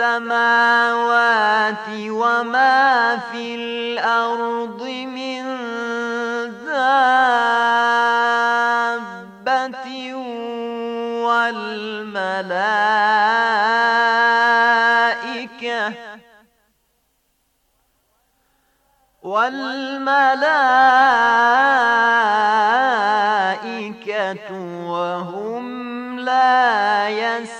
السماوات وما في الأرض من دابة والملائكة والملائكة وهم لا يسرون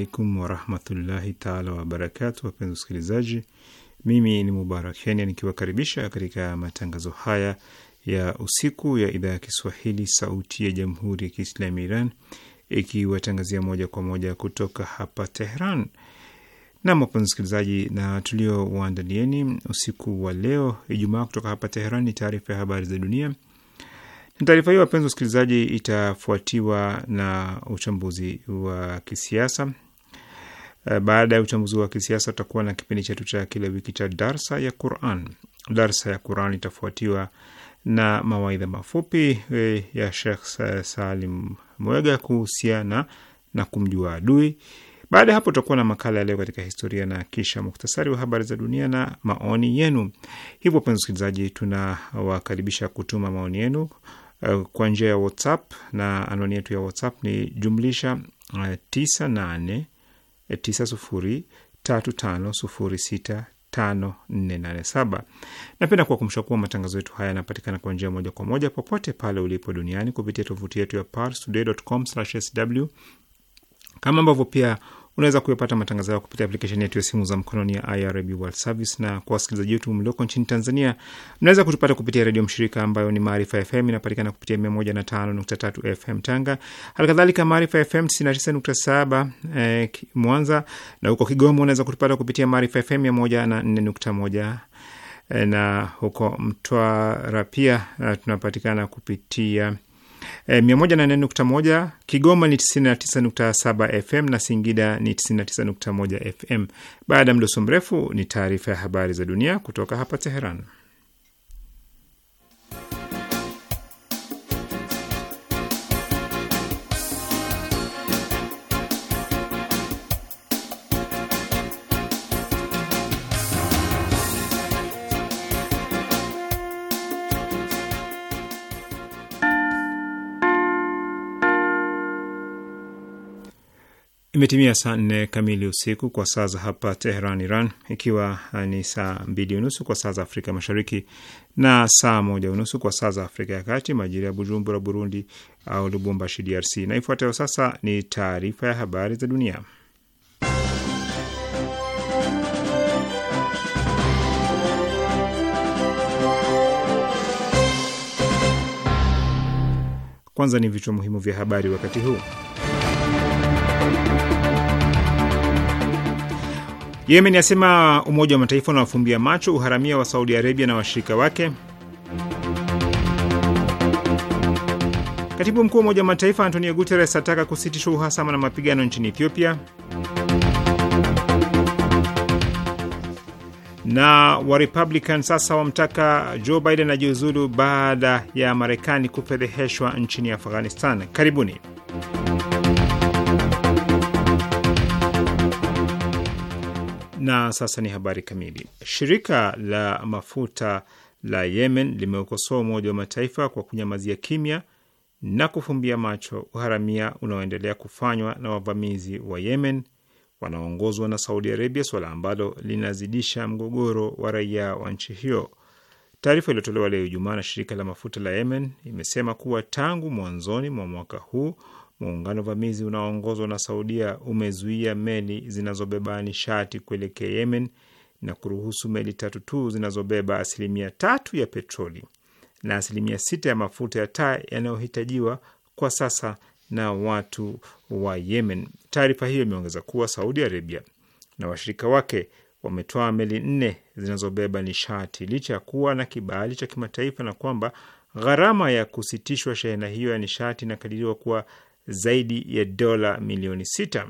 alaikum warahmatullahi taala wabarakatu. Wapenzi wasikilizaji, mimi ni Mubarak Kenya nikiwakaribisha katika matangazo haya ya usiku ya idhaa ya Kiswahili sauti ya jamhuri ya Kiislamu Iran ikiwatangazia moja kwa moja kutoka hapa Tehran. Nam, wapenzi wasikilizaji, na tulio waandalieni usiku wa leo Ijumaa kutoka hapa Tehran ni taarifa ya habari za dunia taarifa hiyo wapenzi wasikilizaji, itafuatiwa na uchambuzi wa kisiasa. Eh, baada ya uchambuzi wa kisiasa, tutakuwa na kipindi chetu cha kila wiki cha darsa ya Quran. Darsa ya Quran itafuatiwa na mawaidha mafupi eh, ya Shekh eh, Salim Mwega kuhusiana na kumjua adui. Baada ya hapo tutakuwa na makala ya leo katika historia na kisha muktasari wa habari za dunia na maoni yenu. Hivyo wapenzi wasikilizaji, tunawakaribisha kutuma maoni yenu uh, kwa njia ya WhatsApp na anwani yetu ya WhatsApp ni jumlisha uh, 98 9035065487. Napenda kuwakumbusha kuwa matangazo yetu haya yanapatikana kwa njia moja kwa moja popote pale ulipo duniani kupitia tovuti yetu ya parstoday.com/sw, kama ambavyo pia Unaweza kuyapata matangazo yao kupitia aplikesheni yetu ya simu za mkononi ya IRIB World Service, na kwa wasikilizaji wetu mlioko nchini Tanzania, mnaweza kutupata kupitia redio mshirika ambayo ni Maarifa FM, inapatikana kupitia 105.3 FM Tanga, halikadhalika Maarifa FM 99.7 eh, Mwanza, na huko Kigoma unaweza kutupata kupitia Maarifa FM 104.1 eh, na huko Mtwara pia eh, tunapatikana kupitia e, Kigoma ni 99.7 FM na Singida ni 99.1 FM. Baada ya mdoso mrefu ni taarifa ya habari za dunia kutoka hapa Teheran. Imetimia saa nne kamili usiku kwa saa za hapa Teheran, Iran, ikiwa ni saa mbili unusu kwa saa za Afrika Mashariki na saa moja unusu kwa saa za Afrika ya Kati, majira ya Bujumbura, Burundi, au Lubumbashi, DRC. Na ifuatayo sasa ni taarifa ya habari za dunia, kwanza ni vichwa muhimu vya habari wakati huu. Yemen yasema Umoja wa Mataifa unawafumbia macho uharamia wa Saudi Arabia na washirika wake. Katibu mkuu wa Umoja wa Mataifa Antonio Guterres ataka kusitishwa uhasama na mapigano nchini Ethiopia. na Warepublican sasa wamtaka Joe Biden ajiuzulu baada ya Marekani kufedheheshwa nchini Afghanistan. Karibuni. Na sasa ni habari kamili. Shirika la mafuta la Yemen limeukosoa Umoja wa Mataifa kwa kunyamazia kimya na kufumbia macho uharamia unaoendelea kufanywa na wavamizi wa Yemen wanaoongozwa na Saudi Arabia, suala ambalo linazidisha mgogoro wa raia wa nchi hiyo. Taarifa iliyotolewa leo Ijumaa na shirika la mafuta la Yemen imesema kuwa tangu mwanzoni mwa mwaka huu Muungano vamizi unaoongozwa na Saudia umezuia meli zinazobeba nishati kuelekea Yemen na kuruhusu meli tatu tu zinazobeba asilimia tatu ya petroli na asilimia sita ya mafuta ya taa yanayohitajiwa kwa sasa na watu wa Yemen. Taarifa hiyo imeongeza kuwa Saudi Arabia na washirika wake wametoa meli nne zinazobeba nishati licha ya kuwa na kibali cha kimataifa na kwamba gharama ya kusitishwa shehena hiyo ya nishati inakadiriwa kuwa zaidi ya dola milioni sita.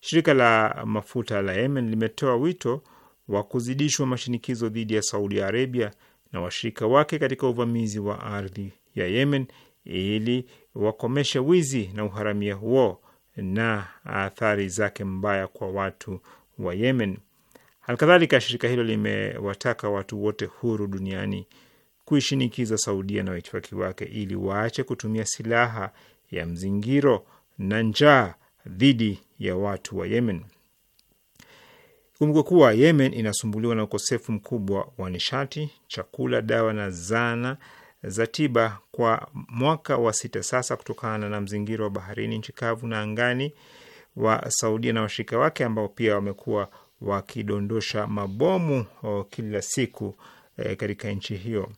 Shirika la mafuta la Yemen limetoa wito wa kuzidishwa mashinikizo dhidi ya Saudi Arabia na washirika wake katika uvamizi wa ardhi ya Yemen ili wakomeshe wizi na uharamia huo na athari zake mbaya kwa watu wa Yemen. Halikadhalika, shirika hilo limewataka watu wote huru duniani kuishinikiza Saudia na waitifaki wake ili waache kutumia silaha ya mzingiro na njaa dhidi ya watu wa Yemen. Kumbuka kuwa Yemen inasumbuliwa na ukosefu mkubwa wa nishati, chakula, dawa na zana za tiba kwa mwaka wa sita sasa, kutokana na mzingiro wa baharini, nchi kavu na angani wa Saudia na washirika wake ambao pia wamekuwa wakidondosha mabomu oh, kila siku eh, katika nchi hiyo.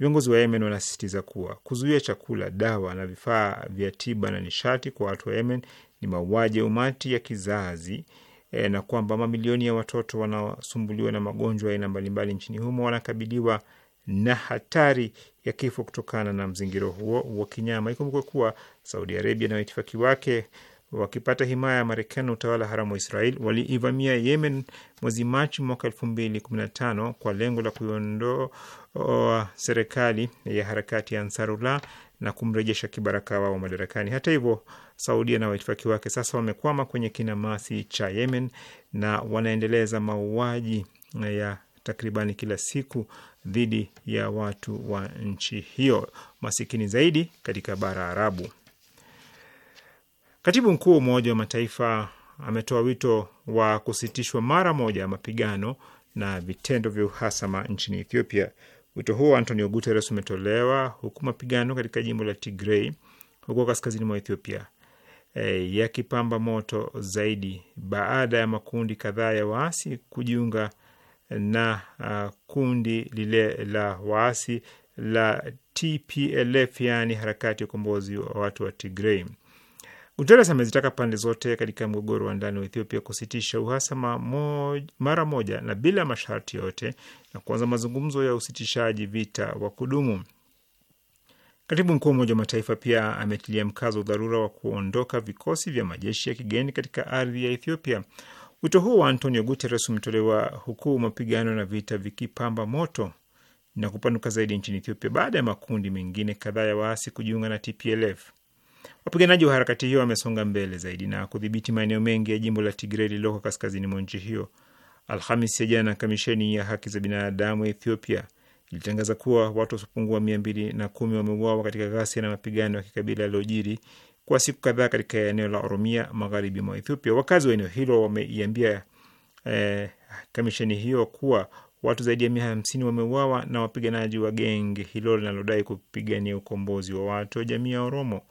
Viongozi wa Yemen wanasisitiza kuwa kuzuia chakula, dawa na vifaa vya tiba na nishati kwa watu wa Yemen ni mauaji ya umati ya kizazi e, na kwamba mamilioni ya watoto wanaosumbuliwa na magonjwa ya aina mbalimbali nchini humo wanakabiliwa na hatari ya kifo kutokana na mzingiro huo wa kinyama. Ikumbukwe kuwa Saudi Arabia na waitifaki wake wakipata himaya ya Marekani na utawala haramu wa Israel waliivamia Yemen mwezi Machi mwaka elfu mbili kumi na tano kwa lengo la kuiondoa serikali ya harakati ya Ansarullah na kumrejesha kibaraka wao madarakani. Hata hivyo, Saudia na waitifaki wake sasa wamekwama kwenye kinamasi cha Yemen na wanaendeleza mauaji ya takribani kila siku dhidi ya watu wa nchi hiyo masikini zaidi katika bara Arabu. Katibu mkuu wa Umoja wa Mataifa ametoa wito wa kusitishwa mara moja mapigano na vitendo vya uhasama nchini Ethiopia. Wito huo Antonio Guterres umetolewa huku mapigano katika jimbo la Tigrei huko kaskazini mwa Ethiopia e, yakipamba moto zaidi baada ya makundi kadhaa ya waasi kujiunga na uh, kundi lile la waasi la TPLF, yaani harakati ya ukombozi wa watu wa Tigrei. Guterres amezitaka pande zote katika mgogoro wa ndani wa Ethiopia kusitisha uhasama moj, mara moja na bila masharti yote na kuanza mazungumzo ya usitishaji vita wa kudumu. Katibu mkuu wa Umoja wa Mataifa pia ametilia mkazo dharura wa kuondoka vikosi vya majeshi ya kigeni katika ardhi ya Ethiopia. Wito huo wa Antonio Guterres umetolewa huku mapigano na vita vikipamba moto na kupanuka zaidi nchini Ethiopia baada ya makundi mengine kadhaa ya waasi kujiunga na TPLF. Wapiganaji wa harakati hiyo wamesonga mbele zaidi na kudhibiti maeneo mengi ya jimbo la Tigrei lililoko kaskazini mwa nchi hiyo. alhamis ya jana, kamisheni ya haki za binadamu ya Ethiopia ilitangaza kuwa watu wasiopungua mia mbili na kumi wameuawa katika ghasia na mapigano ya kikabila yaliyojiri kwa siku kadhaa katika eneo la Oromia, magharibi mwa Ethiopia. Wakazi wa eneo hilo wameiambia eh, kamisheni hiyo kuwa watu zaidi ya mia hamsini wameuawa na wapiganaji wa genge hilo linalodai kupigania ukombozi wa watu wa jamii ya Oromo.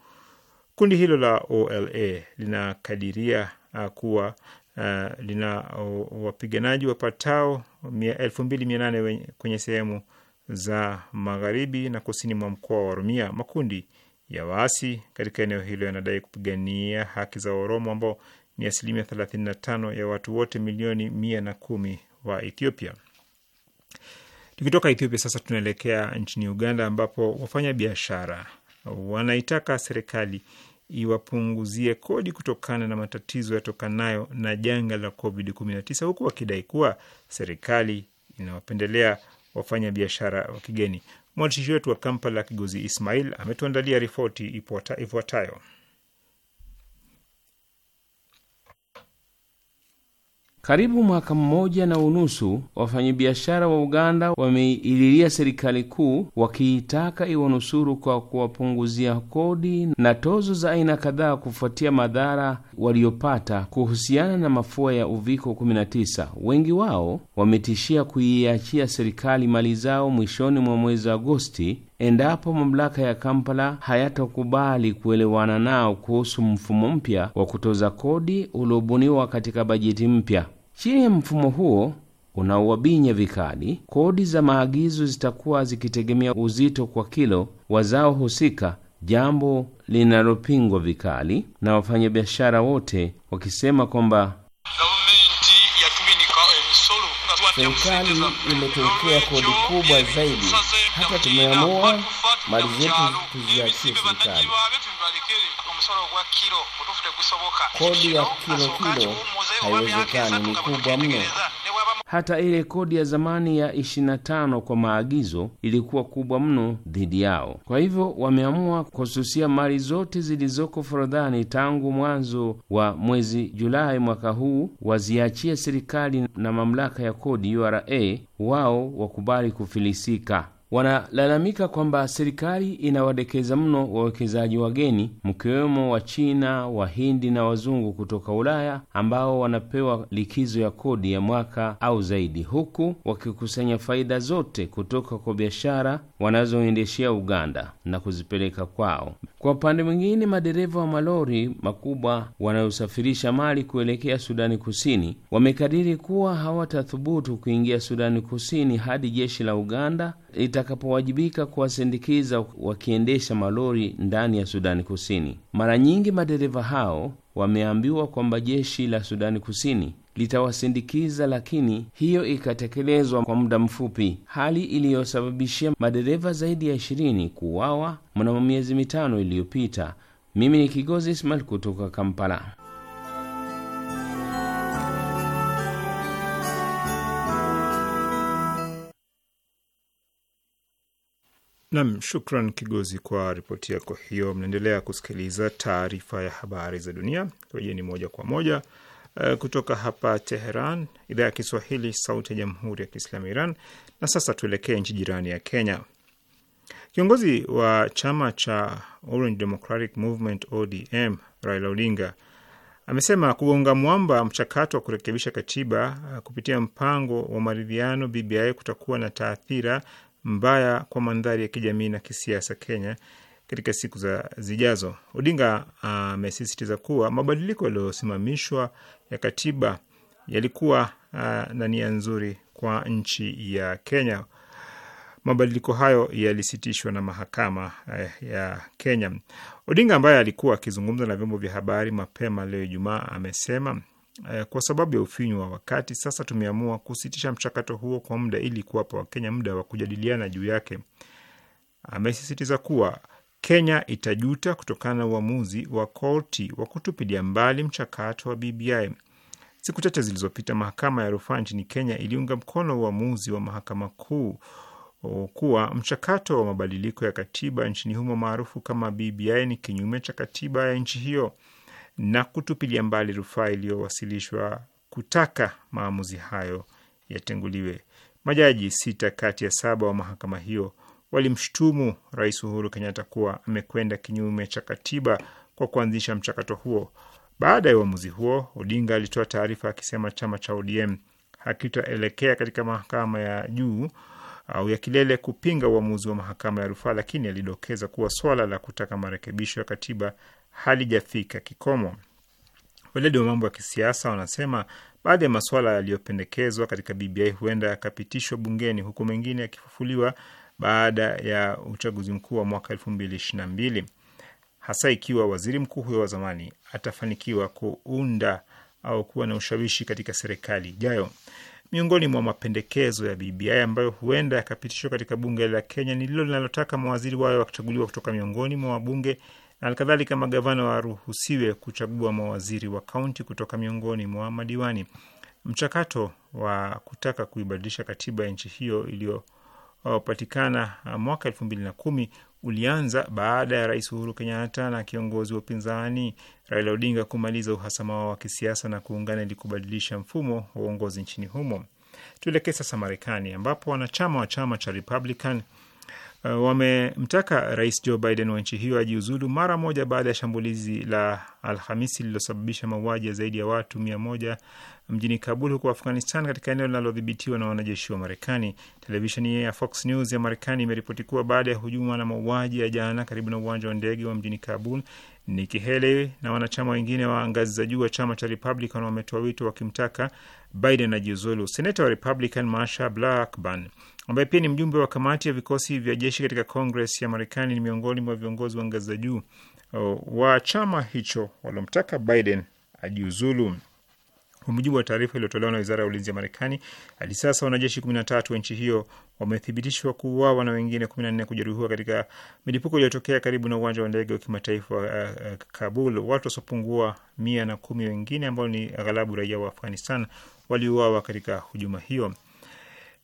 Kundi hilo la OLA linakadiria uh, kuwa uh, lina uh, wapiganaji wapatao elfu mbili mia nane kwenye sehemu za magharibi na kusini mwa mkoa wa Oromia. Makundi ya waasi katika eneo hilo yanadai kupigania haki za Oromo ambao ni asilimia 35 ya watu wote milioni mia na kumi wa Ethiopia. Tukitoka Ethiopia sasa tunaelekea nchini Uganda ambapo wafanya biashara wanaitaka serikali iwapunguzie kodi kutokana na matatizo yatokanayo na janga la COVID-19 huku wakidai kuwa serikali inawapendelea wafanya biashara wa kigeni. Mwandishi wetu wa Kampala, Kigozi Ismail, ametuandalia ripoti ifuatayo. Karibu mwaka mmoja na unusu, wafanyabiashara wa Uganda wameililia serikali kuu wakiitaka iwanusuru kwa kuwapunguzia kodi na tozo za aina kadhaa kufuatia madhara waliopata kuhusiana na mafua ya uviko 19. Wengi wao wametishia kuiachia serikali mali zao mwishoni mwa mwezi Agosti endapo mamlaka ya Kampala hayatakubali kuelewana nao kuhusu mfumo mpya wa kutoza kodi uliobuniwa katika bajeti mpya. Chini ya mfumo huo unaowabinya vikali, kodi za maagizo zitakuwa zikitegemea uzito kwa kilo wa zao husika, jambo linalopingwa vikali na wafanyabiashara wote wakisema kwamba eh, serikali imetokea kodi kubwa zaidi, hata tumeamua mali zetu tuziachie serikali. Kodi ya kilo kilo haiwezekani, ni kubwa mno. Hata ile kodi ya zamani ya 25 kwa maagizo ilikuwa kubwa mno dhidi yao. Kwa hivyo wameamua kususia mali zote zilizoko forodhani tangu mwanzo wa mwezi Julai mwaka huu, waziachie serikali na mamlaka ya kodi URA, wao wakubali kufilisika wanalalamika kwamba serikali inawadekeza mno wawekezaji wageni mkiwemo Wachina, Wahindi na wazungu kutoka Ulaya ambao wanapewa likizo ya kodi ya mwaka au zaidi, huku wakikusanya faida zote kutoka kwa biashara wanazoendeshea Uganda na kuzipeleka kwao. Kwa upande mwingine, madereva wa malori makubwa wanayosafirisha mali kuelekea Sudani Kusini wamekadiri kuwa hawatathubutu kuingia Sudani Kusini hadi jeshi la Uganda litakapowajibika kuwasindikiza wakiendesha malori ndani ya Sudani Kusini. Mara nyingi madereva hao wameambiwa kwamba jeshi la Sudani Kusini litawasindikiza, lakini hiyo ikatekelezwa kwa muda mfupi, hali iliyosababishia madereva zaidi ya ishirini kuuawa mnamo miezi mitano iliyopita. Mimi ni Kigozi Ismail kutoka Kampala. Nam, shukran Kigozi kwa ripoti yako hiyo. Mnaendelea kusikiliza taarifa ya habari za dunia, rejeni moja kwa moja Eh, kutoka hapa Teheran, idhaa ya Kiswahili, sauti ya jamhuri ya kiislamu Iran. Na sasa tuelekee nchi jirani ya Kenya. Kiongozi wa chama cha Orange Democratic Movement ODM Raila Odinga amesema kugonga mwamba mchakato wa kurekebisha katiba eh, kupitia mpango wa maridhiano BBI kutakuwa na taathira mbaya kwa mandhari ya kijamii na kisiasa Kenya katika siku za zijazo. Odinga ah, amesisitiza uh, kuwa mabadiliko yaliyosimamishwa ya katiba yalikuwa uh, na nia nzuri kwa nchi ya Kenya. Mabadiliko hayo yalisitishwa na mahakama eh, ya Kenya. Odinga ambaye alikuwa akizungumza na vyombo vya habari mapema leo Ijumaa amesema eh, kwa sababu ya ufinyu wa wakati, sasa tumeamua kusitisha mchakato huo kwa muda ili kuwapa Wakenya muda wa kujadiliana juu yake. Amesisitiza kuwa Kenya itajuta kutokana na uamuzi wa koti wa kutupilia mbali mchakato wa BBI. Siku chache zilizopita mahakama ya rufaa nchini Kenya iliunga mkono uamuzi wa mahakama kuu kuwa mchakato wa mabadiliko ya katiba nchini humo maarufu kama BBI ni kinyume cha katiba ya nchi hiyo na kutupilia mbali rufaa iliyowasilishwa kutaka maamuzi hayo yatenguliwe. Majaji sita kati ya saba wa mahakama hiyo walimshtumu Rais Uhuru Kenyatta kuwa amekwenda kinyume cha katiba kwa kuanzisha mchakato huo. Baada ya uamuzi huo, Odinga alitoa taarifa akisema chama cha ODM hakitaelekea katika mahakama ya juu au ya kilele kupinga uamuzi wa mahakama ya rufaa, lakini alidokeza kuwa swala la kutaka marekebisho ya katiba halijafika kikomo. Weledi wa mambo ya kisiasa wanasema baadhi ya masuala yaliyopendekezwa katika BBI huenda yakapitishwa bungeni huku mengine yakifufuliwa baada ya uchaguzi mkuu wa mwaka elfu mbili ishirini na mbili hasa ikiwa waziri mkuu huyo wa zamani atafanikiwa kuunda au kuwa na ushawishi katika serikali ijayo. Miongoni mwa mapendekezo ya BBI ambayo huenda yakapitishwa katika bunge la Kenya ni lilo linalotaka mawaziri wawe wakichaguliwa kutoka miongoni mwa wabunge na alikadhalika magavana waruhusiwe kuchagua mawaziri wa kaunti kutoka miongoni mwa madiwani. Mchakato wa kutaka kuibadilisha katiba ya nchi hiyo iliyo upatikana uh, mwaka elfu mbili na kumi ulianza baada ya Rais Uhuru Kenyatta na kiongozi wa upinzani Raila Odinga kumaliza uhasama wao wa kisiasa na kuungana ili kubadilisha mfumo wa uongozi nchini humo. Tuelekee sasa Marekani ambapo wanachama wa chama cha Republican uh, wamemtaka rais Joe Biden wa nchi hiyo ajiuzulu mara moja baada ya shambulizi la Alhamisi lililosababisha mauaji ya zaidi ya watu mia moja mjini Kabul huko Afghanistan, katika eneo linalodhibitiwa na wanajeshi wa Marekani. Televisheni ya Fox News ya Marekani imeripoti kuwa baada ya hujuma na mauaji ya jana karibu na uwanja wa ndege wa mjini Kabul, Nikki Haley na wanachama wengine wa ngazi za juu wa chama cha Republican wametoa wito wakimtaka Biden ajiuzulu. Senata wa Republican Marsha Blackburn ambaye pia ni mjumbe wa kamati ya vikosi vya jeshi katika Kongres ya Marekani, ni miongoni mwa viongozi wa ngazi za juu uh, wa chama hicho waliomtaka Biden ajiuzulu. Kwa mujibu wa taarifa iliyotolewa na wizara ya ulinzi ya Marekani, hadi sasa wanajeshi 13 wa nchi hiyo wamethibitishwa kuuawa na wengine 14 kujeruhiwa katika milipuko iliyotokea karibu na uwanja wa ndege wa kimataifa wa uh, uh, Kabul. Watu wasiopungua mia na kumi wengine ambao ni aghalabu raia wa Afghanistan waliuawa katika hujuma hiyo.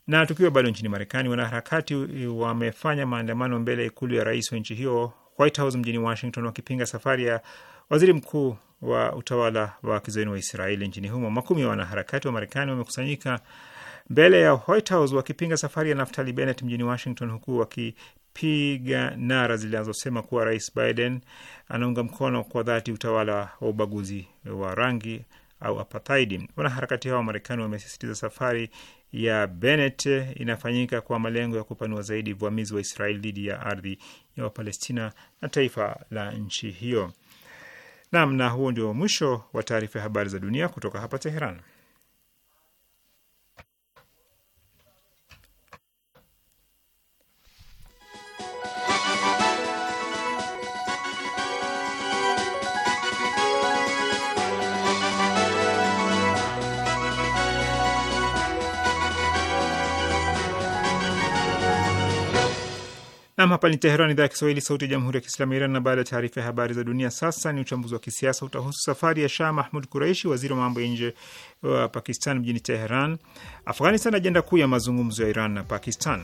Na tukiwa bado nchini Marekani, wanaharakati wamefanya maandamano mbele ya ikulu ya rais wa nchi hiyo, White House mjini Washington, wakipinga safari ya waziri mkuu wa utawala wa kizayuni wa Israeli nchini humo. Makumi ya wanaharakati wa Marekani wamekusanyika mbele ya White House wakipinga safari ya Naftali Bennett mjini Washington, huku wakipiga nara zinazosema kuwa Rais Biden anaunga mkono kwa dhati utawala wa ubaguzi wa rangi au apartheid. Wanaharakati hao wa Marekani wamesisitiza safari ya Bennett inafanyika kwa malengo ya kupanua zaidi uvamizi wa Israeli dhidi ya ardhi ya Wapalestina na taifa la nchi hiyo. Naam, na huo ndio mwisho wa taarifa ya habari za dunia kutoka hapa Teheran. Nam, hapa ni Teheran, idhaa ya Kiswahili, sauti ya jamhuri ya kiislamu ya Iran. Na baada ya taarifa ya habari za dunia, sasa ni uchambuzi wa kisiasa. Utahusu safari ya Shah Mahmud Kuraishi, waziri wa mambo ya nje wa Pakistan, mjini Teheran. Afghanistan, ajenda kuu ya mazungumzo ya Iran na Pakistan.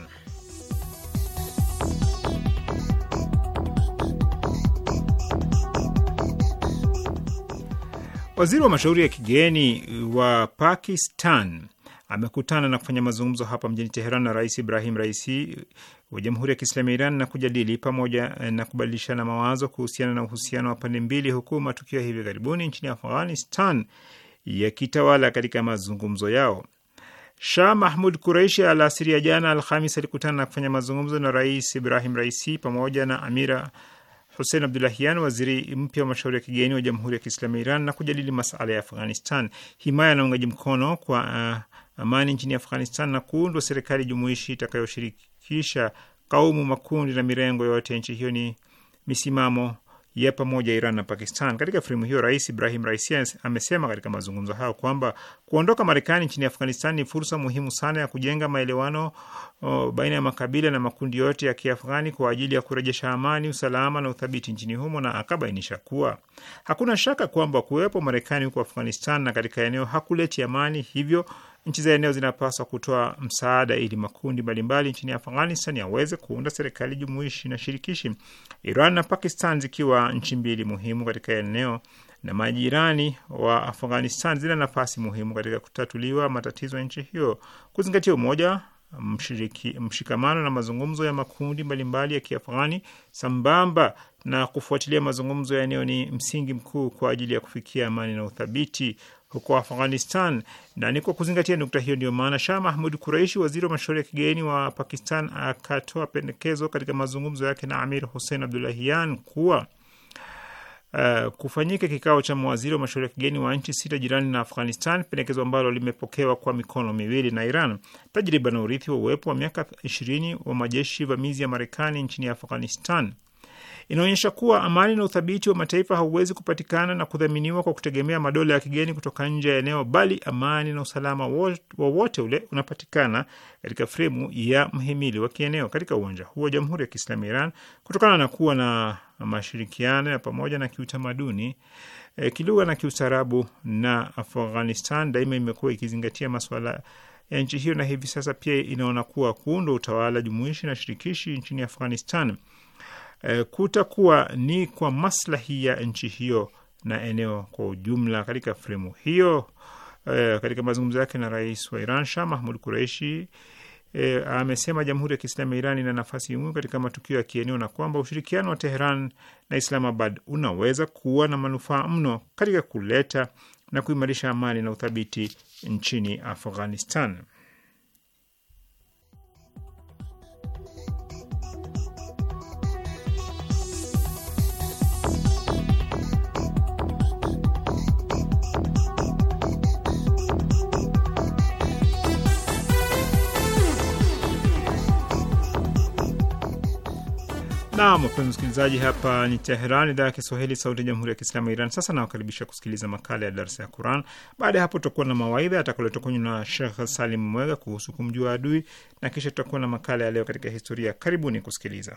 Waziri wa mashauri ya kigeni wa Pakistan amekutana na kufanya mazungumzo hapa mjini Teheran na Rais Ibrahim Raisi wa Jamhuri ya Kiislamu ya Iran na kujadili pamoja eh, na kubadilishana mawazo kuhusiana na uhusiano wa pande mbili, huku matukio ya hivi karibuni nchini Afghanistan yakitawala katika mazungumzo yao. Shah Mahmud Kureishi alasiri ya jana Alhamis alikutana na kufanya mazungumzo na Rais Ibrahim Raisi pamoja na Amira Hussein Abdulahian, waziri mpya wa mashauri ya kigeni wa Jamhuri ya Kiislamu ya Iran, na kujadili masala ya Afghanistan, himaya na uungaji mkono kwa uh, amani nchini Afghanistan na kuundwa serikali jumuishi itakayoshirikisha kaumu, makundi na mirengo yote ya nchi hiyo ni misimamo ya pamoja Iran na Pakistan. Katika fremu hiyo, Rais Ibrahim Raisi amesema katika mazungumzo hayo kwamba kuondoka Marekani nchini Afghanistan ni fursa muhimu sana ya kujenga maelewano uh, baina ya makabila na makundi yote ya Kiafghani kwa ajili ya kurejesha amani, usalama na uthabiti nchini humo, na akabainisha kuwa hakuna shaka kwamba kuwepo Marekani huko Afghanistan na katika eneo hakuleti amani, hivyo Nchi za eneo zinapaswa kutoa msaada ili makundi mbalimbali nchini Afghanistan yaweze kuunda serikali jumuishi na shirikishi. Iran na Pakistan zikiwa nchi mbili muhimu katika eneo na majirani wa Afghanistan zina nafasi muhimu katika kutatuliwa matatizo ya nchi hiyo. Kuzingatia umoja, mshiriki, mshikamano na mazungumzo ya makundi mbalimbali ya Kiafghani sambamba na kufuatilia mazungumzo ya eneo ni msingi mkuu kwa ajili ya kufikia amani na uthabiti huko Afghanistan, na ni kwa kuzingatia nukta hiyo ndiyo maana Shah Mahmud Kuraishi, waziri wa mashauri ya kigeni wa Pakistan, akatoa pendekezo katika mazungumzo yake na Amir Hussein Abdulahian kuwa Uh, kufanyika kikao cha mawaziri wa mashauri ya kigeni wa nchi sita jirani na Afghanistan, pendekezo ambalo limepokewa kwa mikono miwili na Iran. Tajriba na urithi wa uwepo wa miaka ishirini wa majeshi vamizi ya Marekani nchini Afghanistan inaonyesha kuwa amani na uthabiti wa mataifa hauwezi kupatikana na kudhaminiwa kwa kutegemea madola ya kigeni kutoka nje ya eneo, bali amani na usalama wowote ule unapatikana katika fremu ya mhimili wa kieneo. Katika uwanja huo, Jamhuri ya Kiislamu ya Iran, kutokana na kuwa na mashirikiano ya pamoja na kiutamaduni e, kilugha na kiustarabu na Afghanistan, daima imekuwa ikizingatia masuala ya nchi hiyo, na hivi sasa pia inaona kuwa kuundwa utawala jumuishi na shirikishi nchini Afghanistan e, kutakuwa ni kwa maslahi ya nchi hiyo na eneo kwa ujumla. Katika fremu hiyo e, katika mazungumzo yake na rais wa Iran Shah Mahmud Kureishi e, eh, amesema Jamhuri ya Kiislamu ya Iran ina nafasi muhimu katika matukio ya kieneo na kwamba ushirikiano wa Teheran na Islamabad unaweza kuwa na manufaa mno katika kuleta na kuimarisha amani na uthabiti nchini Afghanistan. Naam, wapenzi msikilizaji, hapa ni Teheran, idhaa ya Kiswahili, sauti ya jamhuri ya kiislamu ya Iran. Sasa nawakaribisha kusikiliza makala ya darsa ya Quran. Baada ya hapo, tutakuwa na mawaidha yatakaletwa kwenyu na Shekh Salim Mwega kuhusu kumjua adui, na kisha tutakuwa na makala ya leo katika historia. Karibuni kusikiliza.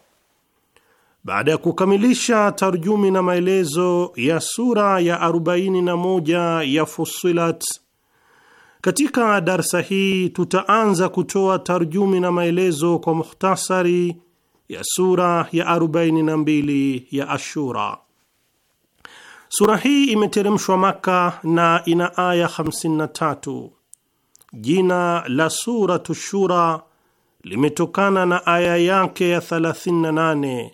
baada ya kukamilisha tarjumi na maelezo ya sura ya 41 ya Fusilat, katika darsa hii tutaanza kutoa tarjumi na maelezo kwa muhtasari ya sura ya 42 ya Ashura. Sura hii imeteremshwa Maka na ina aya 53. Jina la Suratu Shura limetokana na aya yake ya 38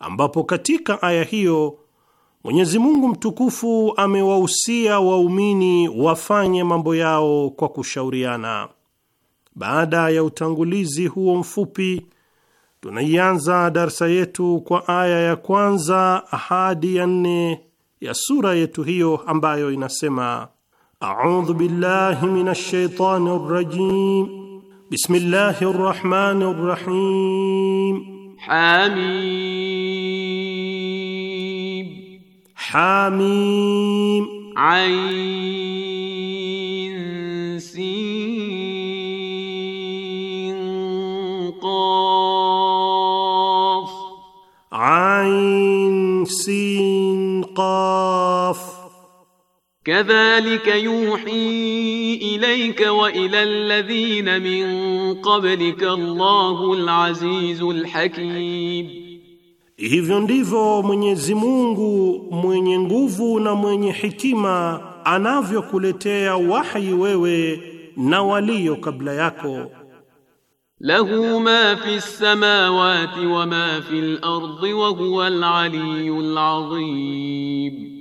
ambapo katika aya hiyo Mwenyezi Mungu mtukufu amewahusia waumini wafanye mambo yao kwa kushauriana. Baada ya utangulizi huo mfupi, tunaianza darsa yetu kwa aya ya kwanza hadi ya nne ya sura yetu hiyo ambayo inasema: audhu billahi minash shaitani rrajim, bismillahi rrahmani rrahim حميم حميم عين سين قاف عين سين قاف kadhalika yuhi ilayka wa ila alladhina min qablika Allahu alazizul hakim, hivyo ndivyo Mwenyezi Mungu mwenye nguvu na mwenye hikima anavyokuletea wahi wewe na walio kabla yako. Lahu ma fi samawati wa ma fil ardi wa huwa al aliyyul azim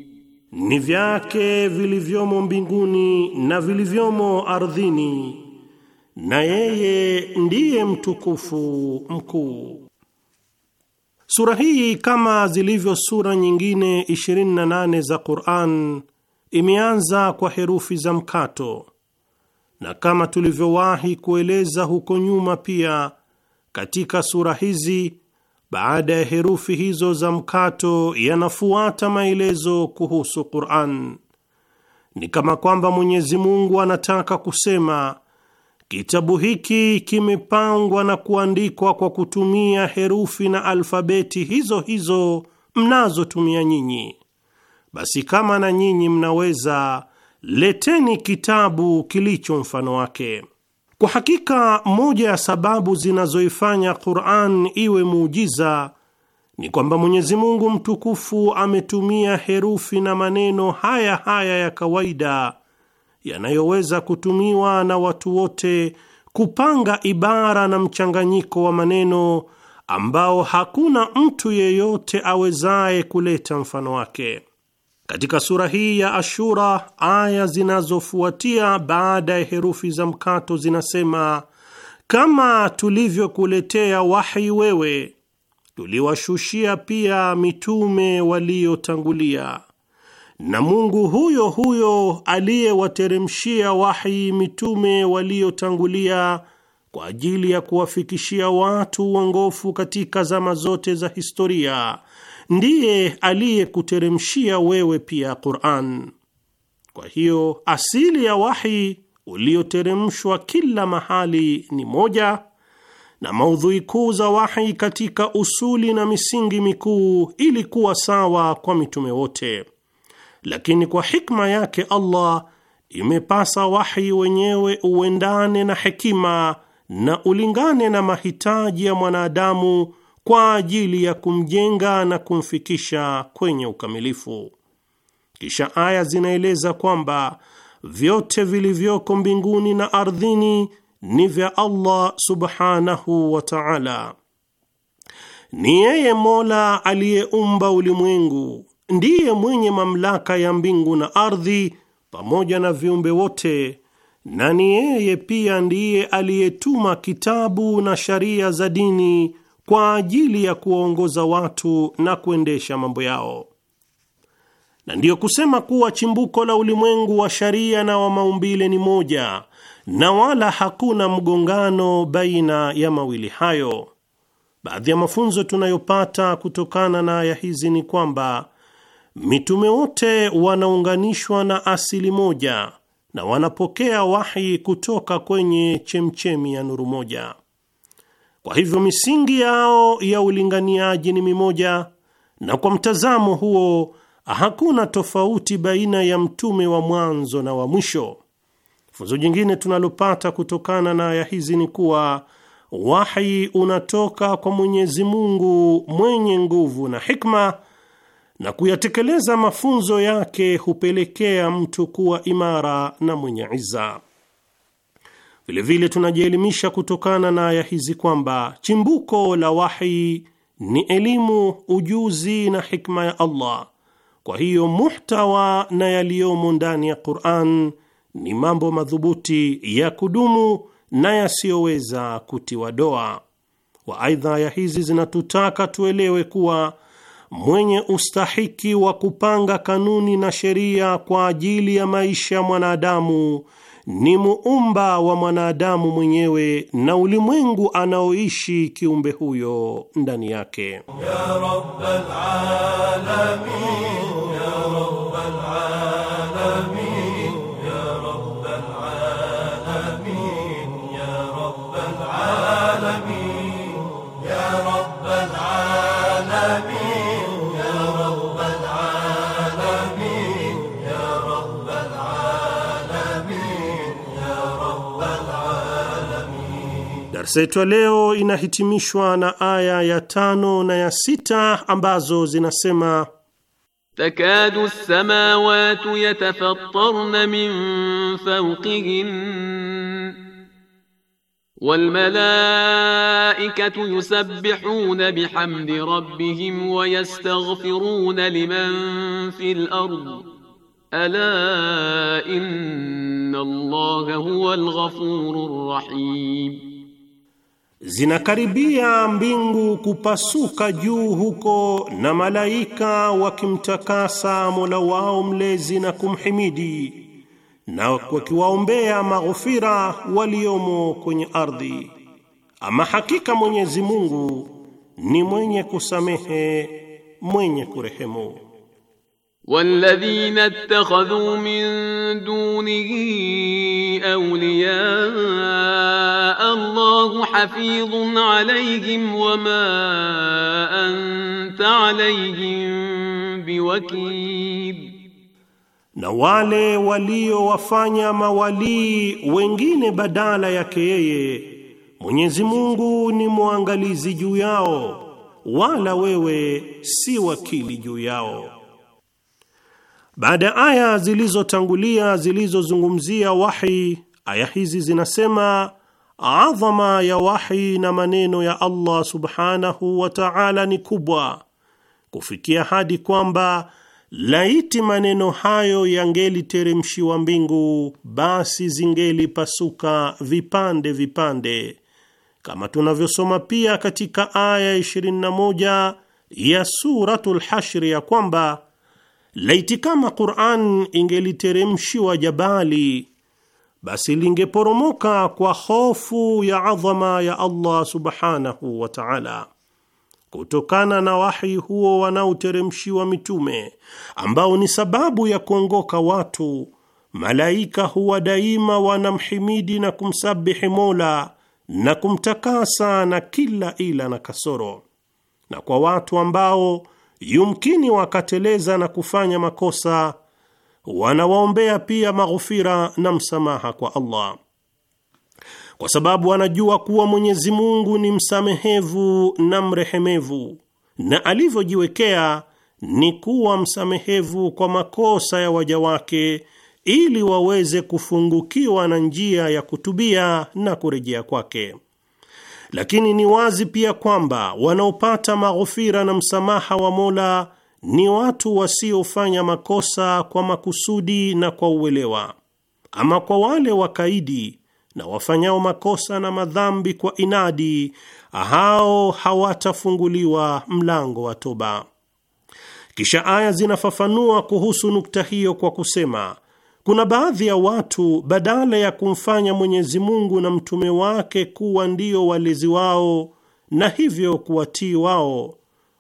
ni vyake vilivyomo mbinguni na vilivyomo ardhini, na yeye ndiye mtukufu mkuu. Sura hii kama zilivyo sura nyingine 28 za Qur'an imeanza kwa herufi za mkato, na kama tulivyowahi kueleza huko nyuma, pia katika sura hizi baada ya herufi hizo za mkato yanafuata maelezo kuhusu Qur'an. Ni kama kwamba Mwenyezi Mungu anataka kusema kitabu hiki kimepangwa na kuandikwa kwa kutumia herufi na alfabeti hizo hizo mnazotumia nyinyi. Basi kama na nyinyi mnaweza, leteni kitabu kilicho mfano wake. Kwa hakika moja ya sababu zinazoifanya Qur'an iwe muujiza ni kwamba Mwenyezi Mungu mtukufu ametumia herufi na maneno haya haya ya kawaida yanayoweza kutumiwa na watu wote kupanga ibara na mchanganyiko wa maneno ambao hakuna mtu yeyote awezaye kuleta mfano wake. Katika sura hii ya Ashura, aya zinazofuatia baada ya herufi za mkato zinasema: kama tulivyokuletea wahi wewe, tuliwashushia pia mitume waliotangulia, na Mungu huyo huyo aliyewateremshia wahi mitume waliotangulia kwa ajili ya kuwafikishia watu uongofu katika zama zote za historia ndiye aliyekuteremshia wewe pia Qur'an. Kwa hiyo asili ya wahi ulioteremshwa kila mahali ni moja, na maudhui kuu za wahi katika usuli na misingi mikuu ilikuwa sawa kwa mitume wote, lakini kwa hikma yake Allah imepasa wahi wenyewe uendane na hekima na ulingane na mahitaji ya mwanadamu kwa ajili ya kumjenga na kumfikisha kwenye ukamilifu. Kisha aya zinaeleza kwamba vyote vilivyoko mbinguni na ardhini ni vya Allah subhanahu wa ta'ala. Ni yeye Mola aliyeumba ulimwengu, ndiye mwenye mamlaka ya mbingu na ardhi pamoja na viumbe wote, na ni yeye pia ndiye aliyetuma kitabu na sharia za dini kwa ajili ya kuwaongoza watu na kuendesha mambo yao, na ndiyo kusema kuwa chimbuko la ulimwengu wa sharia na wa maumbile ni moja, na wala hakuna mgongano baina ya mawili hayo. Baadhi ya mafunzo tunayopata kutokana na aya hizi ni kwamba mitume wote wanaunganishwa na asili moja na wanapokea wahi kutoka kwenye chemchemi ya nuru moja. Kwa hivyo misingi yao ya ulinganiaji ni mimoja, na kwa mtazamo huo hakuna tofauti baina ya mtume wa mwanzo na wa mwisho. Funzo jingine tunalopata kutokana na aya hizi ni kuwa wahi unatoka kwa Mwenyezi Mungu mwenye nguvu na hikma, na kuyatekeleza mafunzo yake hupelekea mtu kuwa imara na mwenye iza. Vilevile tunajielimisha kutokana na aya hizi kwamba chimbuko la wahi ni elimu, ujuzi na hikma ya Allah. Kwa hiyo muhtawa na yaliyomo ndani ya Qur'an ni mambo madhubuti ya kudumu na yasiyoweza kutiwa doa. Wa aidha, aya hizi zinatutaka tuelewe kuwa mwenye ustahiki wa kupanga kanuni na sheria kwa ajili ya maisha ya mwanadamu ni muumba wa mwanadamu mwenyewe na ulimwengu anaoishi kiumbe huyo ndani yake ya Rabbal alamin Darsa yetu ya leo inahitimishwa na aya ya tano na ya sita ambazo zinasema takadu as-samawati yatafattarna min fawqihin wal malaikatu yusabbihuna bihamdi rabbihim wa yastaghfiruna liman fil ardi Ala inna Allaha huwal ghafurur rahim, Zinakaribia mbingu kupasuka juu huko, na malaika wakimtakasa Mola wao mlezi na kumhimidi na wakiwaombea maghfira waliomo kwenye ardhi. Ama hakika Mwenyezi Mungu ni mwenye kusamehe, mwenye kurehemu. Walladhina ittakhadhu min dunihi awliya حفيظ عليهم وما أنت عليهم بوكيل na wale waliowafanya mawalii wengine badala yake yeye, Mwenyezi Mungu ni mwangalizi juu yao, wala wewe si wakili juu yao. Baada ya aya zilizotangulia zilizozungumzia wahi, aya hizi zinasema Adhama ya wahi na maneno ya Allah subhanahu wa ta'ala ni kubwa kufikia hadi kwamba laiti maneno hayo yangeliteremshiwa mbingu, basi zingelipasuka vipande vipande, kama tunavyosoma pia katika aya 21 ya Suratul Hashr ya kwamba laiti kama Qur'an ingeliteremshiwa jabali basi lingeporomoka kwa hofu ya adhama ya Allah subhanahu wa ta'ala. Kutokana na wahi huo wanaoteremshiwa mitume, ambao ni sababu ya kuongoka watu, malaika huwa daima wanamhimidi na kumsabihi Mola na kumtakasa na kila ila na kasoro. Na kwa watu ambao yumkini wakateleza na kufanya makosa wanawaombea pia maghufira na msamaha kwa Allah, kwa sababu wanajua kuwa Mwenyezi Mungu ni msamehevu na mrehemevu, na alivyojiwekea ni kuwa msamehevu kwa makosa ya waja wake ili waweze kufungukiwa na njia ya kutubia na kurejea kwake. Lakini ni wazi pia kwamba wanaopata maghufira na msamaha wa Mola ni watu wasiofanya makosa kwa makusudi na kwa uelewa. Ama kwa wale wakaidi na wafanyao makosa na madhambi kwa inadi, hao hawatafunguliwa mlango wa toba. Kisha aya zinafafanua kuhusu nukta hiyo kwa kusema kuna baadhi ya watu badala ya kumfanya Mwenyezi Mungu na mtume wake kuwa ndio walezi wao na hivyo kuwatii wao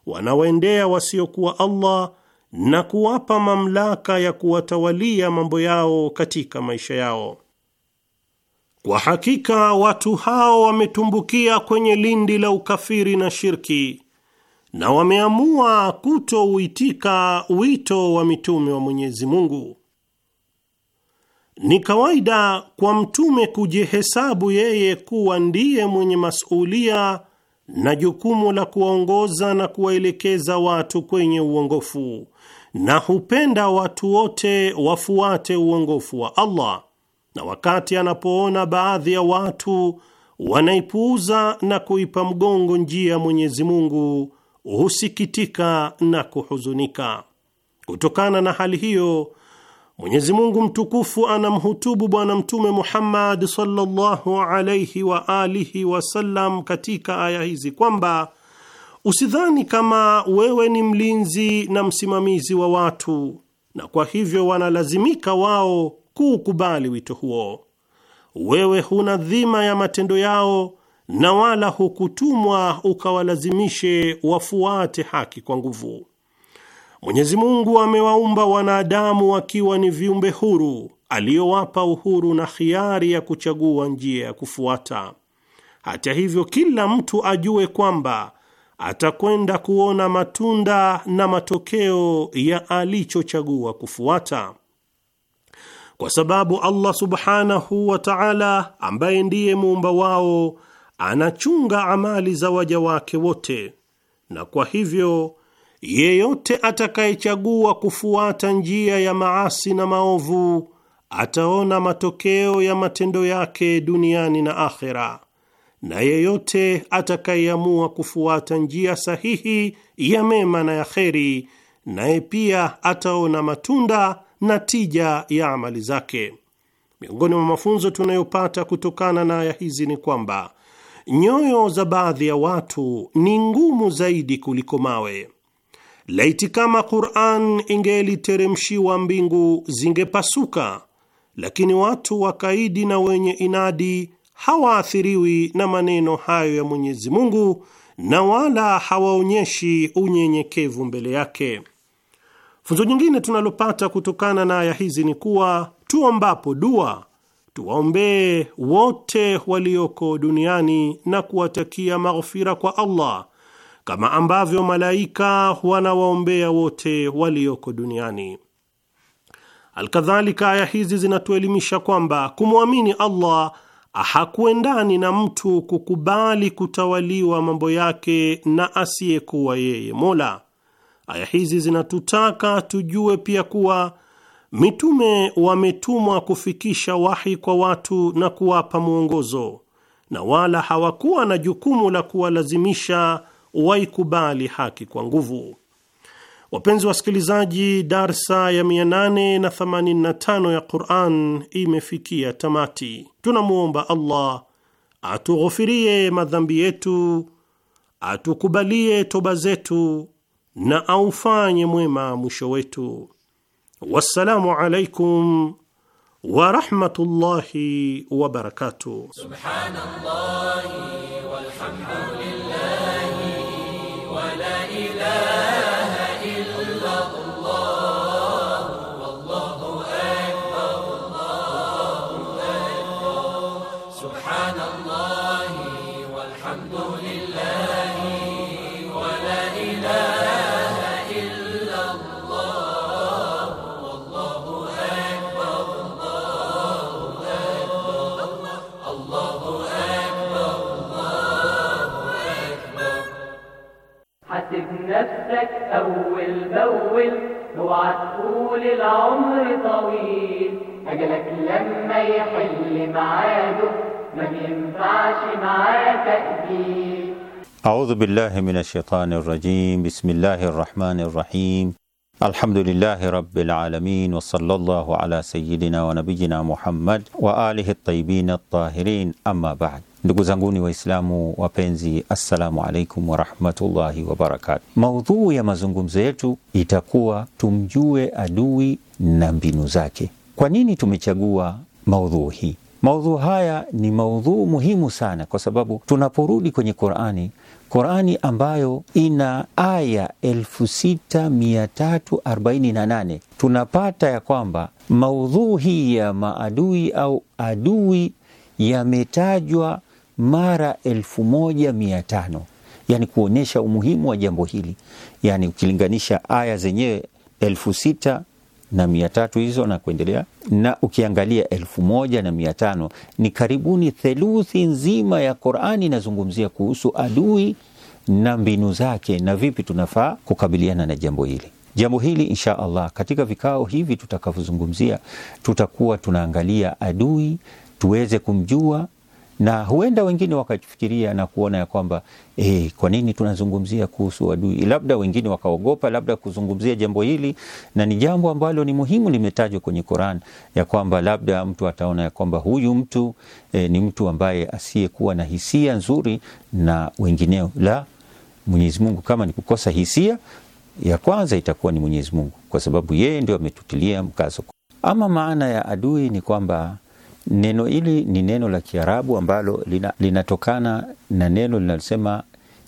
wanawaendea wasiokuwa Allah na kuwapa mamlaka ya kuwatawalia mambo yao katika maisha yao. Kwa hakika watu hao wametumbukia kwenye lindi la ukafiri na shirki na wameamua kutouitika wito wa mitume wa Mwenyezi Mungu. Ni kawaida kwa mtume kujihesabu yeye kuwa ndiye mwenye masulia na jukumu la kuwaongoza na kuwaelekeza watu kwenye uongofu na hupenda watu wote wafuate uongofu wa Allah. Na wakati anapoona baadhi ya watu wanaipuuza na kuipa mgongo njia ya Mwenyezi Mungu, husikitika na kuhuzunika. Kutokana na hali hiyo Mwenyezi Mungu mtukufu anamhutubu Bwana Mtume Muhammad sallallahu alayhi wa alihi wasallam katika aya hizi kwamba usidhani kama wewe ni mlinzi na msimamizi wa watu, na kwa hivyo wanalazimika wao kuukubali wito huo. Wewe huna dhima ya matendo yao na wala hukutumwa ukawalazimishe wafuate haki kwa nguvu. Mwenyezi Mungu amewaumba wanadamu wakiwa ni viumbe huru aliyowapa uhuru na hiari ya kuchagua njia ya kufuata. Hata hivyo, kila mtu ajue kwamba atakwenda kuona matunda na matokeo ya alichochagua kufuata, kwa sababu Allah subhanahu wa ta'ala, ambaye ndiye muumba wao, anachunga amali za waja wake wote, na kwa hivyo yeyote atakayechagua kufuata njia ya maasi na maovu ataona matokeo ya matendo yake duniani na akhera, na yeyote atakayeamua kufuata njia sahihi ya mema na ya kheri, naye pia ataona matunda na tija ya amali zake. Miongoni mwa mafunzo tunayopata kutokana na aya hizi ni kwamba nyoyo za baadhi ya watu ni ngumu zaidi kuliko mawe Laiti kama Qur'an ingeliteremshiwa mbingu zingepasuka, lakini watu wakaidi na wenye inadi hawaathiriwi na maneno hayo ya Mwenyezi Mungu na wala hawaonyeshi unyenyekevu mbele yake. Funzo nyingine tunalopata kutokana na aya hizi ni kuwa tuombapo dua tuwaombee wote walioko duniani na kuwatakia maghfira kwa Allah kama ambavyo malaika wanawaombea wote walioko duniani. Alkadhalika, aya hizi zinatuelimisha kwamba kumwamini Allah hakuendani na mtu kukubali kutawaliwa mambo yake na asiyekuwa yeye Mola. Aya hizi zinatutaka tujue pia kuwa mitume wametumwa kufikisha wahi kwa watu na kuwapa mwongozo, na wala hawakuwa na jukumu la kuwalazimisha waikubali haki kwa nguvu. Wapenzi wasikilizaji, darsa ya 885 ya Quran imefikia tamati. Tunamwomba Allah atughofirie madhambi yetu, atukubalie toba zetu na aufanye mwema mwisho wetu. Wassalamu alaikum warahmatullahi wabarakatuh. Subhanallah. نفسك أول بأول اوعى تقول العمر طويل أجلك لما يحل معاده ما بينفعش معاه تأجيل أعوذ بالله من الشيطان الرجيم بسم الله الرحمن الرحيم الحمد لله رب العالمين وصلى الله على سيدنا ونبينا محمد وآله الطيبين الطاهرين أما بعد Ndugu zanguni Waislamu wapenzi, assalamu alaikum warahmatullahi wabarakatu. Maudhuu ya mazungumzo yetu itakuwa tumjue adui na mbinu zake. Kwa nini tumechagua maudhuu hii? Maudhuu haya ni maudhuu muhimu sana, kwa sababu tunaporudi kwenye Qurani, Qurani ambayo ina aya 6348 tunapata ya kwamba maudhuu hii ya maadui au adui yametajwa mara elfu moja mia tano yani kuonyesha umuhimu wa jambo hili, yani ukilinganisha aya zenyewe elfu sita na mia tatu hizo na kuendelea, na ukiangalia elfu moja na mia tano ni karibuni theluthi nzima ya Qurani inazungumzia kuhusu adui na mbinu zake na vipi tunafaa kukabiliana na jambo hili. Jambo hili insha Allah, katika vikao hivi tutakavyozungumzia, tutakuwa tunaangalia adui tuweze kumjua na huenda wengine wakafikiria na kuona ya kwamba eh, kwa nini tunazungumzia kuhusu adui? Labda wengine wakaogopa labda kuzungumzia jambo hili, na ni jambo ambalo ni muhimu, limetajwa kwenye Qur'an ya kwamba labda mtu ataona ya kwamba huyu mtu eh, ni mtu ambaye asiyekuwa na hisia nzuri na wengineo. La, Mwenyezi Mungu kama ni kukosa hisia ya kwanza itakuwa ni Mwenyezi Mungu, kwa sababu yeye ndio ametutilia mkazo. Ama maana ya adui ni kwamba Neno hili ni neno la Kiarabu ambalo lina, linatokana na neno linalosema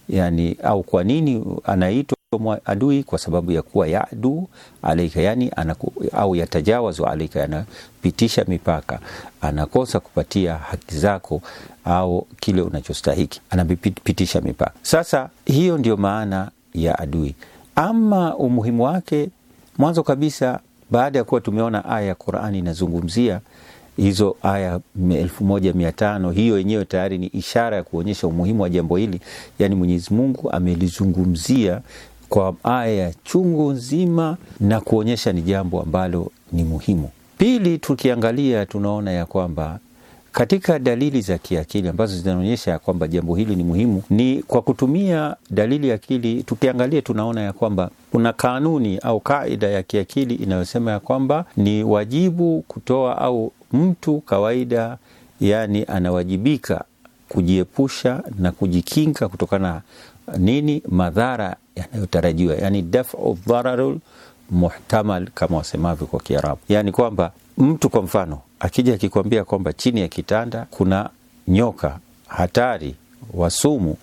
yani, au kwa nini anaitwa adui? Kwa sababu ya kuwa yadu alaika, yani anaku, au yatajawazwa alaika, anapitisha mipaka, anakosa kupatia haki zako au kile unachostahiki, anapitisha mipaka. Sasa hiyo ndio maana ya adui. Ama umuhimu wake, mwanzo kabisa, baada ya kuwa tumeona aya ya Qurani inazungumzia hizo aya elfu moja mia tano hiyo yenyewe tayari ni ishara ya kuonyesha umuhimu wa jambo hili. Yani Mwenyezi Mungu amelizungumzia kwa aya ya chungu nzima na kuonyesha ni jambo ambalo ni muhimu. Pili, tukiangalia tunaona ya kwamba katika dalili za kiakili ambazo zinaonyesha ya kwamba jambo hili ni muhimu ni kwa kutumia dalili ya akili. Tukiangalia tunaona ya kwamba kuna kanuni au kaida ya kiakili inayosema ya kwamba ni wajibu kutoa au mtu kawaida, yani anawajibika kujiepusha na kujikinga kutokana nini madhara yanayotarajiwa, yani dafu dhararul muhtamal kama wasemavyo kwa Kiarabu, yani kwamba mtu kwa mfano akija akikwambia kwamba chini ya kitanda kuna nyoka hatari wasumu,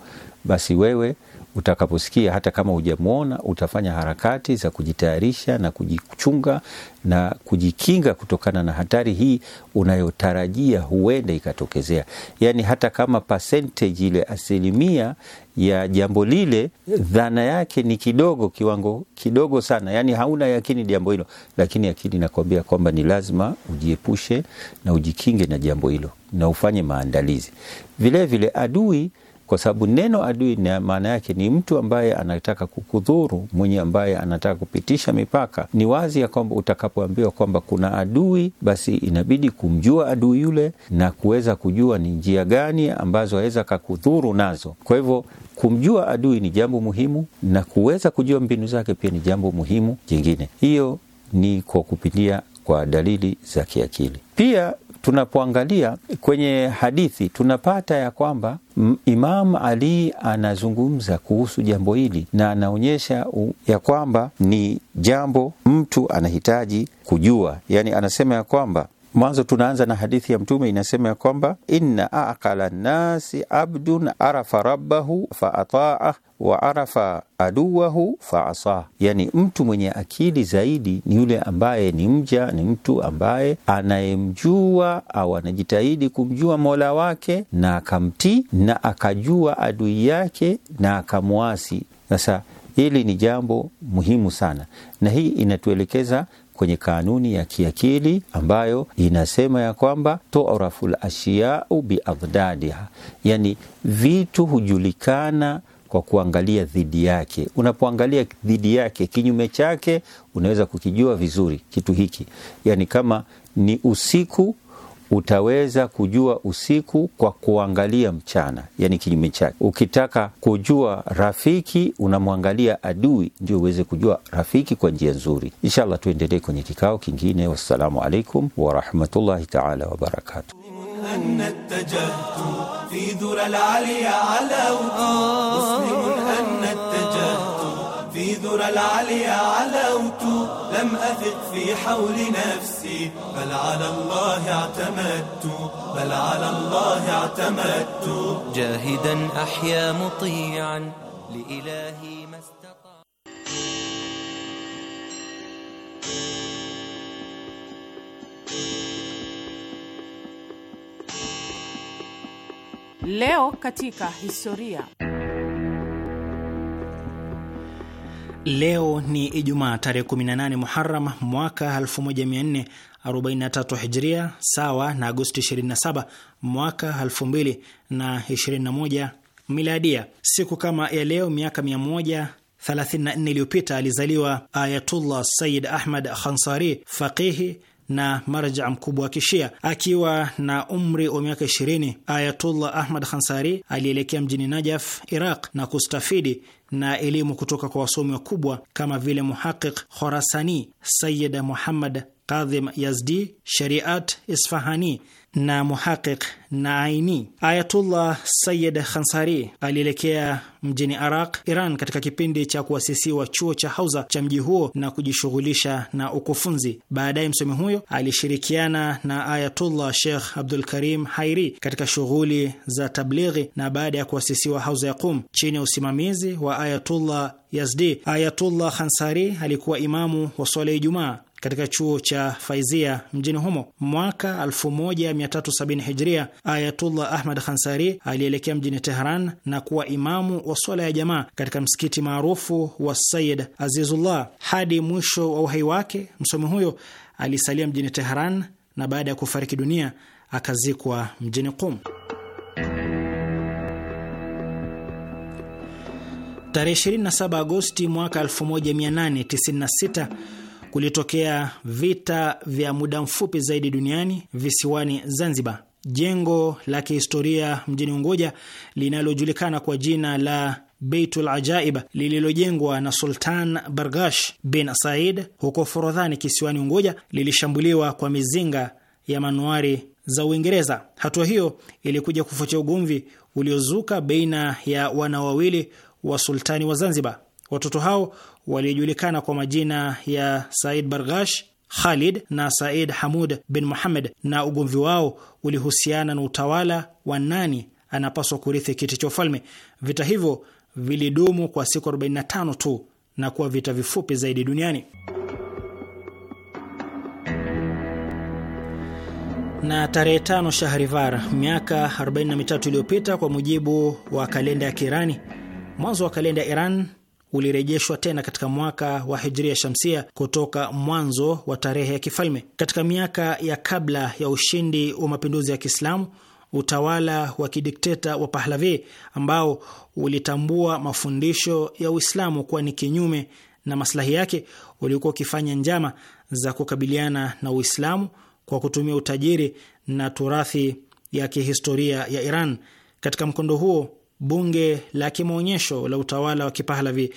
basi wewe utakaposikia hata kama hujamwona utafanya harakati za kujitayarisha na kujichunga na kujikinga kutokana na hatari hii unayotarajia huenda ikatokezea. Yaani hata kama percentage ile asilimia ya jambo lile dhana yake ni kidogo, kiwango kidogo sana, yaani hauna yakini jambo hilo, lakini akili inakwambia kwamba ni lazima ujiepushe na ujikinge na jambo hilo na ufanye maandalizi vilevile vile adui kwa sababu neno adui na maana yake ni mtu ambaye anataka kukudhuru, mwenye ambaye anataka kupitisha mipaka. Ni wazi ya kwamba utakapoambiwa kwamba kuna adui, basi inabidi kumjua adui yule na kuweza kujua ni njia gani ambazo aweza kakudhuru nazo. Kwa hivyo kumjua adui ni jambo muhimu, na kuweza kujua mbinu zake pia ni jambo muhimu jingine. Hiyo ni kwa kupitia kwa dalili za kiakili pia tunapoangalia kwenye hadithi tunapata ya kwamba Imam Ali anazungumza kuhusu jambo hili na anaonyesha ya kwamba ni jambo mtu anahitaji kujua, yaani anasema ya kwamba Mwanzo tunaanza na hadithi ya Mtume inasema ya kwamba inna aqala nnasi abdun arafa rabbahu faataah wa arafa aduwahu faasah, yani mtu mwenye akili zaidi ni yule ambaye ni mja, ni mtu ambaye anayemjua au anajitahidi kumjua mola wake na akamtii na akajua adui yake na akamwasi. Sasa hili ni jambo muhimu sana, na hii inatuelekeza kwenye kanuni ya kiakili ambayo inasema ya kwamba tu'rafu lashiyau biadadiha, yani vitu hujulikana kwa kuangalia dhidi yake. Unapoangalia dhidi yake, kinyume chake, unaweza kukijua vizuri kitu hiki. Yani kama ni usiku utaweza kujua usiku kwa kuangalia mchana, yani kinyume chake. Ukitaka kujua rafiki unamwangalia adui, ndio uweze kujua rafiki kwa njia nzuri. Inshallah, tuendelee kwenye kikao kingine. Wassalamu alaikum warahmatullahi taala wabarakatuh. ذرى العلي علوت لم أثق في حول نفسي بل على الله اعتمدت بل على الله اعتمدت جاهدا أحيا مطيعا لإلهي ما استطاع Leo katika historia. Leo ni Ijumaa tarehe 18 muharam mwaka 1443 Hijria, sawa na Agosti 27 mwaka 2021 Miladia. Siku kama ya leo miaka 134 iliyopita alizaliwa Ayatullah Sayyid Ahmad Khansari, faqihi na marja mkubwa wa Kishia. Akiwa na umri wa miaka 20, Ayatullah Ahmad Khansari alielekea mjini Najaf, Iraq, na kustafidi na elimu kutoka kwa wasomi wakubwa kama vile muhaqiq Khorasani Sayid Muhammad Kadhim Yazdi, Shariat Isfahani na Muhaqiq na Aini. Ayatullah sayid Khansari alielekea mjini Araq, Iran, katika kipindi cha kuasisiwa chuo cha Hauza cha mji huo na kujishughulisha na ukufunzi. Baadaye msomi huyo alishirikiana na Ayatullah Sheikh Abdul Karim Hairi katika shughuli za tablighi, na baada ya kuasisiwa Hauza ya Qum chini ya usimamizi wa Ayatullah Yazdi, Ayatullah Khansari alikuwa imamu wa swala ya Ijumaa katika chuo cha Faizia mjini humo. Mwaka 1370 Hijria, Ayatullah Ahmad Khansari alielekea mjini teheran na kuwa imamu wa swala ya jamaa katika msikiti maarufu wa Sayid Azizullah. Hadi mwisho wa uhai wake, msomi huyo alisalia mjini teheran na baada ya kufariki dunia akazikwa mjini Qum. Tarehe 27 Agosti mwaka 1896 kulitokea vita vya muda mfupi zaidi duniani visiwani Zanzibar. Jengo la kihistoria mjini Unguja linalojulikana kwa jina la Beitul Ajaib lililojengwa na Sultan Bargash bin Said huko Forodhani kisiwani Unguja lilishambuliwa kwa mizinga ya manuari za Uingereza. Hatua hiyo ilikuja kufuatia ugomvi uliozuka baina ya wana wawili wa sultani wa Zanzibar. Watoto hao waliojulikana kwa majina ya Said Barghash, Khalid na Said Hamud bin Muhammad, na ugomvi wao ulihusiana na utawala wa nani anapaswa kurithi kiti cha ufalme. Vita hivyo vilidumu kwa siku 45 tu na kuwa vita vifupi zaidi duniani. na tarehe tano Shahrivar miaka 43 iliyopita kwa mujibu wa kalenda ya kiirani mwanzo wa kalenda ya Iran ulirejeshwa tena katika mwaka wa hijria shamsia kutoka mwanzo wa tarehe ya kifalme. Katika miaka ya kabla ya ushindi wa mapinduzi ya Kiislamu, utawala wa kidikteta wa Pahlavi ambao ulitambua mafundisho ya Uislamu kuwa ni kinyume na maslahi yake, uliokuwa ukifanya njama za kukabiliana na Uislamu kwa kutumia utajiri na turathi ya kihistoria ya Iran. Katika mkondo huo bunge la kimaonyesho la utawala wa Kipahlavi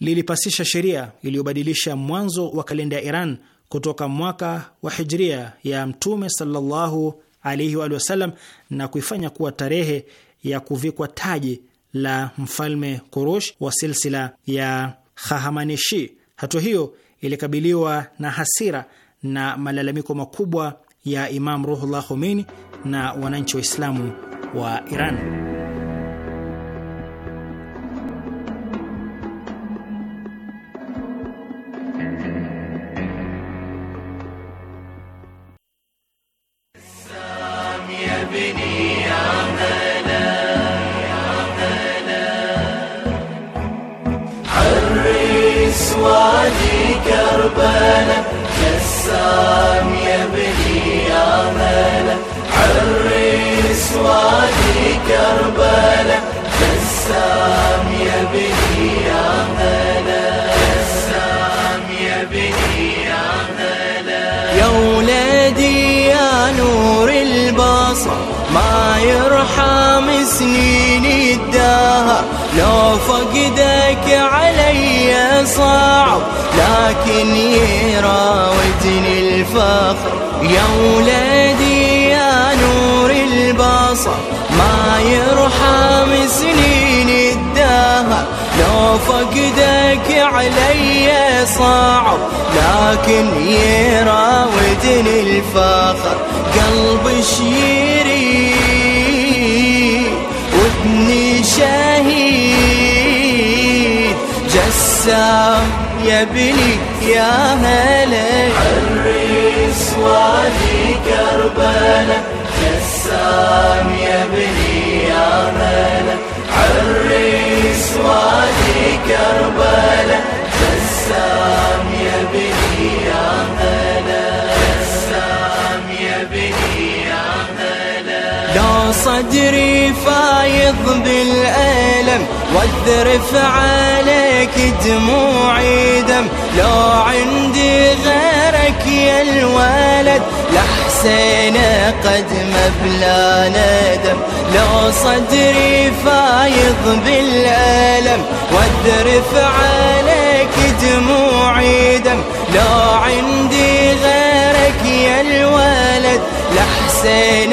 lilipasisha sheria iliyobadilisha mwanzo wa kalenda ya Iran kutoka mwaka wa hijria ya Mtume sallallahu alaihi wa sallam na kuifanya kuwa tarehe ya kuvikwa taji la mfalme Kurush wa silsila ya Hahamaneshi. Hatua hiyo ilikabiliwa na hasira na malalamiko makubwa ya Imam Ruhullah Khomeini na wananchi Waislamu wa Iran. صدري فايض بالألم والذرف عليك دموعي دم لو عندي غيرك يا الولد لحسين قد مبلى ندم لو صدري فايض بالألم والذرف عليك دموعي دم لو عندي غيرك يا الولد لحسين حسين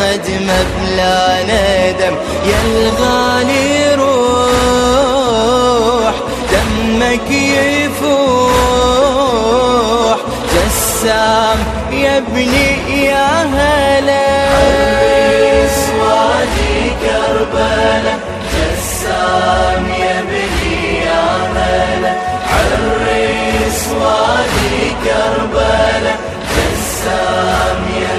قد مبلى ندم يا الغالي روح دمك يفوح جسام يا ابني يا هلا Yeah, baby. جسام يا يا هلا جسام يا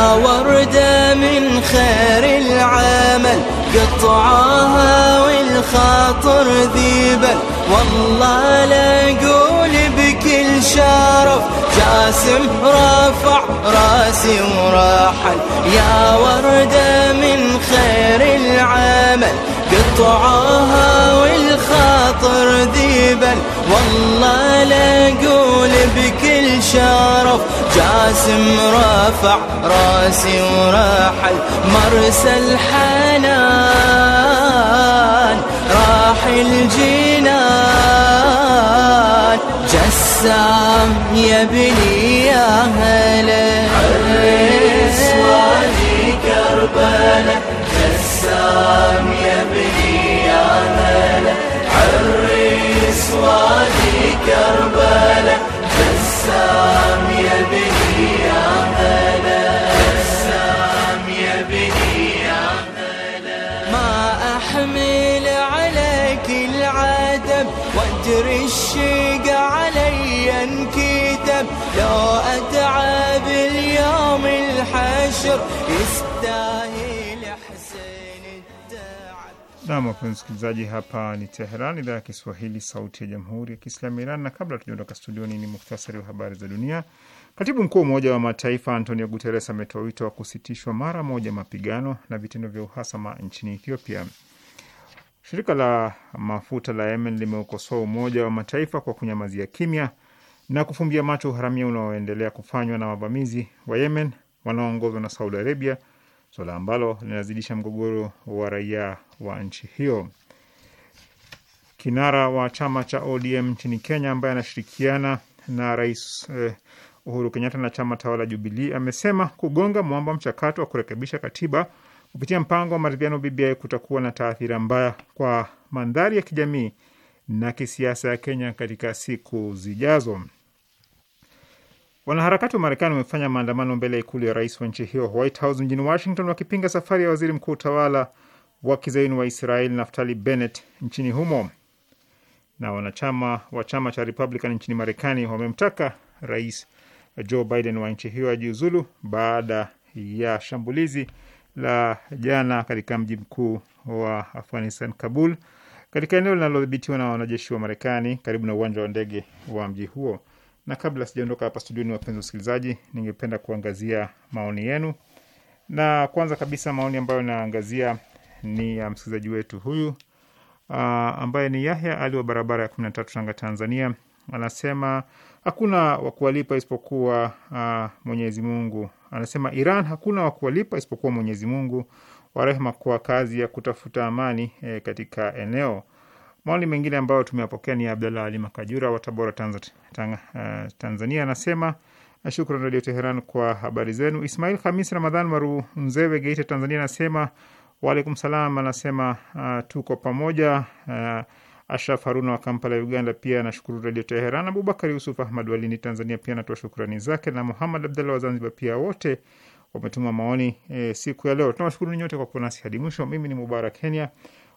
لها وردة من خير العمل قطعها والخاطر ذيبا والله لا قول بكل شرف جاسم رفع راسي وراحل يا وردة من خير العمل قطعها والخاطر ذيبا والله لا اقول بكل شرف جاسم رفع راسي ورحل مرسى الحنان راح الجنان جسام يا بني يا هلا حرس وادي كربلاء Nam, wapenzi msikilizaji, hapa ni Teheran, idhaa ya Kiswahili, sauti ya jamhuri ya kiislamu ya Iran. Na kabla tujaondoka studioni, ni muhtasari wa habari za dunia. Katibu mkuu wa Umoja wa Mataifa Antonio Guterres ametoa wito wa kusitishwa mara moja mapigano na vitendo vya uhasama nchini Ethiopia. Shirika la mafuta la Yemen limeukosoa Umoja wa Mataifa kwa kunyamazia kimya na kufumbia macho uharamia unaoendelea kufanywa na wavamizi wa Yemen wanaoongozwa na Saudi Arabia suala ambalo linazidisha mgogoro wa raia wa nchi hiyo. Kinara wa chama cha ODM nchini Kenya ambaye anashirikiana na Rais eh, Uhuru Kenyatta na chama tawala jubilii amesema kugonga mwamba mchakato wa kurekebisha katiba kupitia mpango wa maridhiano BBI kutakuwa na taathira mbaya kwa mandhari ya kijamii na kisiasa ya Kenya katika siku zijazo. Wanaharakati wa Marekani wamefanya maandamano mbele ya ikulu ya rais wa nchi hiyo, White House, mjini Washington, wakipinga safari ya waziri mkuu utawala wa kizaini wa Israel Naftali Bennett nchini humo. Na wanachama wa chama cha Republican nchini Marekani wamemtaka rais Joe Biden wa nchi hiyo ajiuzulu baada ya shambulizi la jana katika mji mkuu wa Afghanistan, Kabul, katika eneo linalodhibitiwa na wanajeshi wa Marekani karibu na uwanja wa ndege wa mji huo na kabla sijaondoka hapa studioni, wapenzi wasikilizaji, ningependa kuangazia maoni yenu, na kwanza kabisa maoni ambayo naangazia ni ya msikilizaji wetu huyu Uh, ambaye ni Yahya Ali wa barabara ya 13 Tanga, Tanzania, anasema hakuna wa kuwalipa isipokuwa uh, Mwenyezi Mungu. Anasema Iran hakuna wa kuwalipa isipokuwa Mwenyezi Mungu wa rehema kwa kazi ya kutafuta amani eh, katika eneo. Maoni mengine ambayo tumeyapokea ni ya Abdallah Ali Makajura wa Tabora, uh, Tanzania, anasema Shukran Radio Teheran kwa habari zenu. Ismail Khamis Ramadhan Marumzewe, Geita, Tanzania, anasema waalaikum salam. Anasema uh, tuko pamoja. Uh, Ashraf Haruna wa Kampala, Uganda, pia anashukuru Radio Teheran. Abubakar Yusuf Ahmad Walini, Tanzania, pia anatoa shukrani zake, na Muhammad Abdallah wa Zanzibar pia wote wametuma maoni e, siku ya leo. Tunawashukuru nyote kwa kuwa nasi hadi mwisho. Mimi ni Mubarak Kenya